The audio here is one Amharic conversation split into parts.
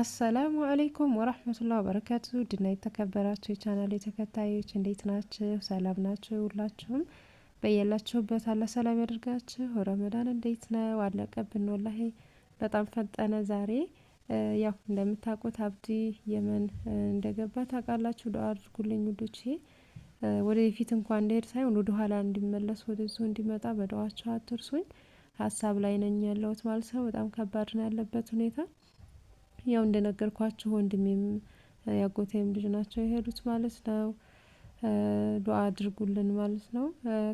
አሰላሙ አለይኩም ወራህመቱላሂ ወበረካቱ ድና የተከበራችሁ የቻናል የተከታዮች እንዴት ናችሁ? ሰላም ናችሁ? ሁላችሁም በየላችሁበት አላ ሰላም ያደርጋችሁ። ረመዳን እንዴት ነው? አለቀብን ወላሂ በጣም ፈጠነ ዛሬ። ያው እንደምታውቁት አብዲ የመን እንደገባ ታውቃላችሁ። ዱአ አድርጉልኝ ውዶች፣ ወደ ፊት እንኳን እንደሄድ ሳይሆን ወደ ኋላ እንዲመለስ ወደዚሁ እንዲመጣ በዱአችሁ አትርሱኝ። ሀሳብ ላይ ነኝ ያለሁት ማለት ነው። በጣም ከባድ ነው ያለበት ሁኔታ ያው እንደነገርኳችሁ ወንድሜም ያጎቴም ልጅ ናቸው የሄዱት ማለት ነው። ዱአ አድርጉልን ማለት ነው።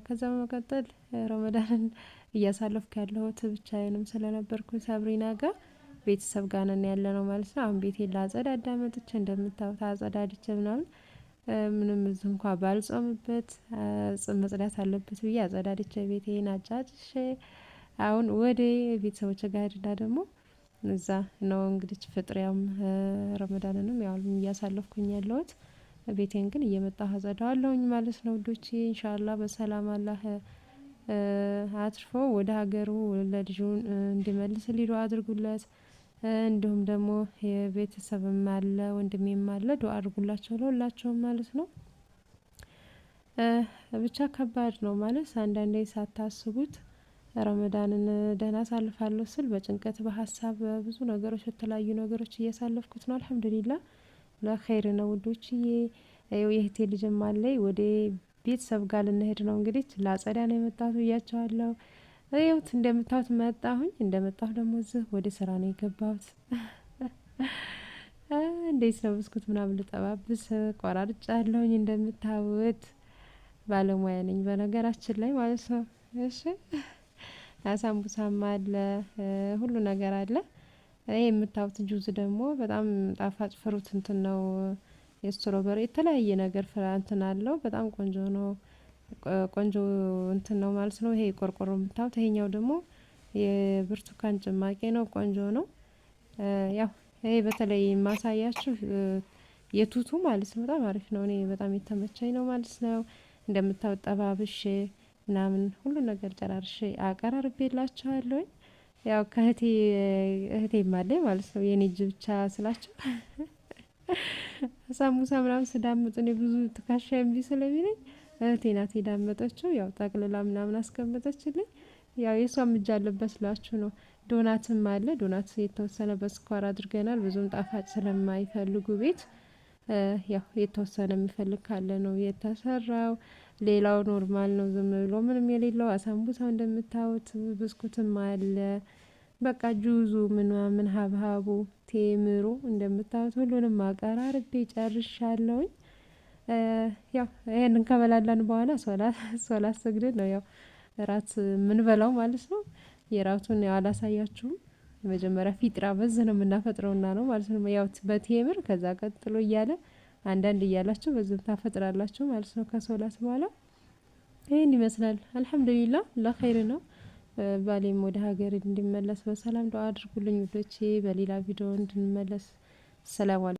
ከዛ በመቀጠል ረመዳንን እያሳለፍኩ ያለሁት ብቻዬንም ስለነበርኩ ሰብሪና ጋር ቤተሰብ ጋነን ያለ ነው ማለት ነው። አሁን ቤቴ ላጸዳ አዳመጥች እንደምታውት አጸዳድች ምናምን ምንም እዚ እንኳ ባልጾምበት ጽም መጽዳት አለበት ብዬ አጸዳድቼ ቤቴን አጫጭሼ አሁን ወደ ቤተሰቦች ጋር ሄድና ደግሞ እዛ ነው እንግዲህ ፍጥሪያም ረመዳንንም ያው እያሳለፍኩኝ ያለሁት። ቤቴን ግን እየመጣሁ አጸዳዋለሁኝ ማለት ነው ውዶቼ። ኢንሻአላህ በሰላም አላህ አትርፎ ወደ ሀገሩ ለልጁን እንዲመልስ ሊዶ አድርጉለት። እንዲሁም ደግሞ የቤተሰብም አለ ወንድሜም አለ ዶ አድርጉላቸው ለሁላቸውም ማለት ነው። ብቻ ከባድ ነው ማለት አንዳንዴ ሳታስቡት ረመዳንን ደህና አሳልፋለሁ ስል በጭንቀት በሀሳብ በብዙ ነገሮች በተለያዩ ነገሮች እያሳለፍኩት ነው። አልሐምዱሊላ ለኸይር ነው ውዶችዬ። የህቴ ልጅም አለይ ወደ ቤተሰብ ጋር ልንሄድ ነው። እንግዲህ ላጸዳ ነው የመጣሁት ብያቸዋለሁ። ይኸውት እንደምታዩት መጣሁኝ። እንደመጣሁ ደግሞ እዚህ ወደ ስራ ነው የገባሁት። እንዴት ነው ብስኩት ምናምን ልጠባብስ ቆራርጫ አለሁኝ። እንደምታዩት ባለሙያ ነኝ በነገራችን ላይ ማለት ነው። እሺ ሳምቡሳም አለ፣ ሁሉ ነገር አለ። ይሄ የምታዩት ጁዝ ደግሞ በጣም ጣፋጭ ፍሩት እንትን ነው የስትሮበሪ የተለያየ ነገር ፍራ እንትን አለው። በጣም ቆንጆ ነው። ቆንጆ እንትን ነው ማለት ነው። ይሄ ቆርቆሮ የምታዩት። ይሄኛው ደግሞ የብርቱካን ጭማቂ ነው። ቆንጆ ነው። ያው ይሄ በተለይ ማሳያችሁ የቱቱ ማለት ነው። በጣም አሪፍ ነው። እኔ በጣም የተመቸኝ ነው ማለት ነው። እንደምታዩት ጠባብሽ። ምናምን ሁሉ ነገር ጨራርሼ አቀራርቤላችኋለሁ። ያው ከእህቴ እህቴ ማለኝ ማለት ነው የኔ እጅ ብቻ ስላቸው ሳሙሳ ምናምን ስዳመጡ እኔ ብዙ ትካሻ እምቢ ስለሚለኝ እህቴ ናት የዳመጠችው። ያው ጠቅልላ ምናምን አስቀመጠችልኝ። ያው የሷም እጅ አለበት ስላችሁ ነው። ዶናትም አለ። ዶናት የተወሰነ በስኳር አድርገናል። ብዙም ጣፋጭ ስለማይፈልጉ ቤት ያው የተወሰነ የሚፈልግ ካለ ነው የተሰራው። ሌላው ኖርማል ነው ዝም ብሎ ምንም የሌለው አሳምቡሳው እንደምታዩት ብስኩትም አለ። በቃ ጁዙ ምናምን ሀብሀቡ ቴምሩ እንደምታዩት ሁሉንም አቀራርቤ ጨርሻለሁኝ። ያው ይህንን ከበላለን በኋላ ሶላት ስግድ ነው ያው እራት ምንበላው ማለት ነው። የራቱን ያው አላሳያችሁም። የመጀመሪያ ፊጥራ በዝ ነው የምናፈጥረውና ነው ማለት ነው ያው በቴምር ከዛ ቀጥሎ እያለ አንዳንድ እያላችሁ በዚህም ታፈጥራላችሁ ማለት ነው ከሶላት በኋላ ይህን ይመስላል። አልሐምዱሊላ ለኸይር ነው። ባሌም ወደ ሀገር እንዲመለስ በሰላም ዱአ አድርጉልኝ ውዶቼ። በሌላ ቪዲዮ እንድንመለስ ሰላም